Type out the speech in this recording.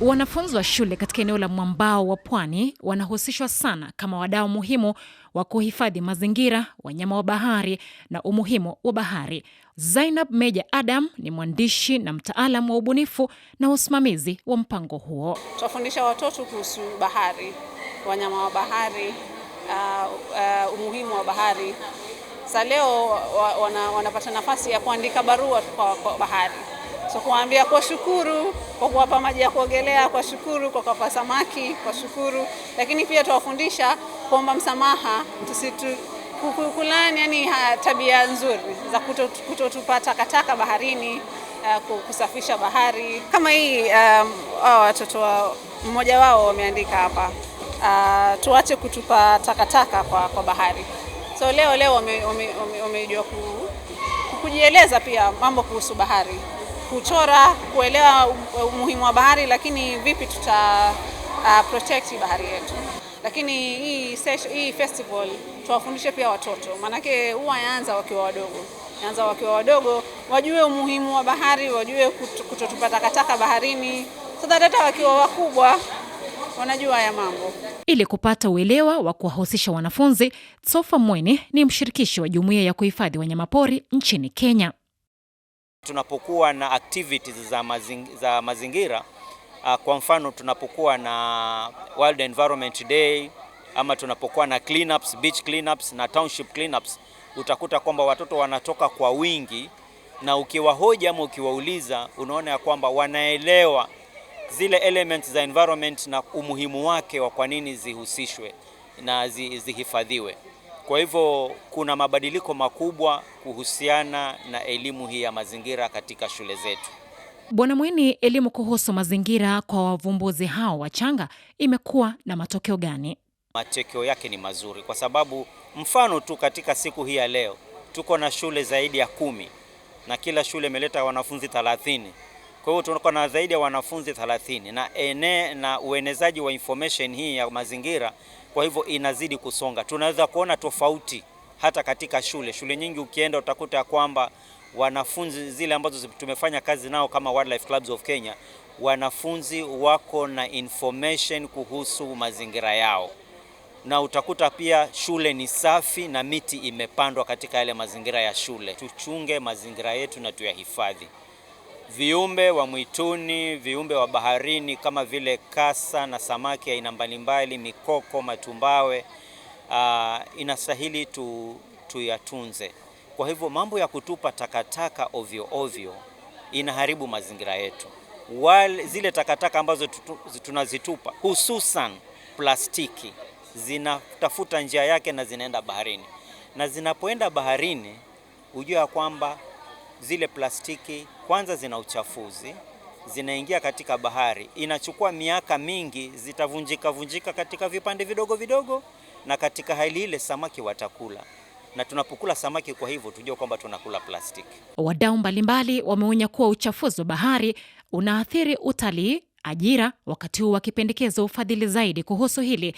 Wanafunzi wa shule katika eneo la mwambao wa pwani wanahusishwa sana kama wadau muhimu wa kuhifadhi mazingira, wanyama wa bahari na umuhimu wa bahari. Zainab Meja Adam ni mwandishi na mtaalam wa ubunifu na usimamizi wa mpango huo. Tunafundisha watoto kuhusu bahari, wanyama wa bahari, uh, uh, umuhimu wa bahari. Sa leo wanapata wana nafasi ya kuandika barua kwa, kwa bahari So kuwaambia kwa shukuru kwa kuwapa maji ya kuogelea, kwa shukuru kwa kuwapa samaki, kwa shukuru. Lakini pia tuwafundisha kuomba msamaha, tusitu kukulani, yani tabia nzuri za kutotupa takataka baharini, uh, kusafisha bahari kama hii. Um, watoto wa mmoja wao wameandika hapa uh, tuache kutupa takataka kwa, kwa bahari. So leo leo wamejua kujieleza pia mambo kuhusu bahari kuchora, kuelewa umuhimu wa bahari, lakini vipi tuta uh, protect bahari yetu. Lakini hii session, hii festival tuwafundishe pia watoto, maanake huwa yaanza wakiwa wadogo anza wakiwa wadogo, wajue umuhimu wa bahari, wajue kutotupa takataka baharini, so that hata wakiwa wakubwa wanajua ya mambo. Ili kupata uelewa wa kuwahusisha wanafunzi, Tsofa Mwene ni mshirikishi wa jumuiya ya kuhifadhi wanyamapori nchini Kenya tunapokuwa na activities za, mazing, za mazingira uh, kwa mfano tunapokuwa na World Environment Day ama tunapokuwa na cleanups, beach cleanups na township cleanups, utakuta kwamba watoto wanatoka kwa wingi, na ukiwahoja ama ukiwauliza, unaona ya kwamba wanaelewa zile elements za environment na umuhimu wake wa kwa nini zihusishwe na zihifadhiwe. Kwa hivyo kuna mabadiliko makubwa kuhusiana na elimu hii ya mazingira katika shule zetu. Bwana Mwini, elimu kuhusu mazingira kwa wavumbuzi hao wachanga imekuwa na matokeo gani? Matokeo yake ni mazuri, kwa sababu mfano tu katika siku hii ya leo tuko na shule zaidi ya kumi na kila shule imeleta wanafunzi thelathini. Kwa hiyo tunakuwa na zaidi ya wanafunzi thelathini na ene, na uenezaji wa information hii ya mazingira kwa hivyo inazidi kusonga, tunaweza kuona tofauti hata katika shule. Shule nyingi ukienda utakuta kwamba wanafunzi zile ambazo tumefanya kazi nao kama Wildlife Clubs of Kenya, wanafunzi wako na information kuhusu mazingira yao, na utakuta pia shule ni safi na miti imepandwa katika yale mazingira ya shule. Tuchunge mazingira yetu na tuyahifadhi viumbe wa mwituni, viumbe wa baharini kama vile kasa na samaki aina mbalimbali, mikoko, matumbawe, uh, inastahili tu, tuyatunze. Kwa hivyo mambo ya kutupa takataka ovyo ovyo inaharibu mazingira yetu. Wale, zile takataka ambazo tutu, tunazitupa hususan plastiki zinatafuta njia yake na zinaenda baharini, na zinapoenda baharini hujua ya kwamba zile plastiki kwanza zina uchafuzi, zinaingia katika bahari, inachukua miaka mingi, zitavunjika vunjika katika vipande vidogo vidogo, na katika hali ile samaki watakula na tunapokula samaki, kwa hivyo tujue kwamba tunakula plastiki. Wadau mbalimbali wameonya kuwa uchafuzi wa bahari unaathiri utalii, ajira, wakati huu wakipendekeza ufadhili zaidi kuhusu hili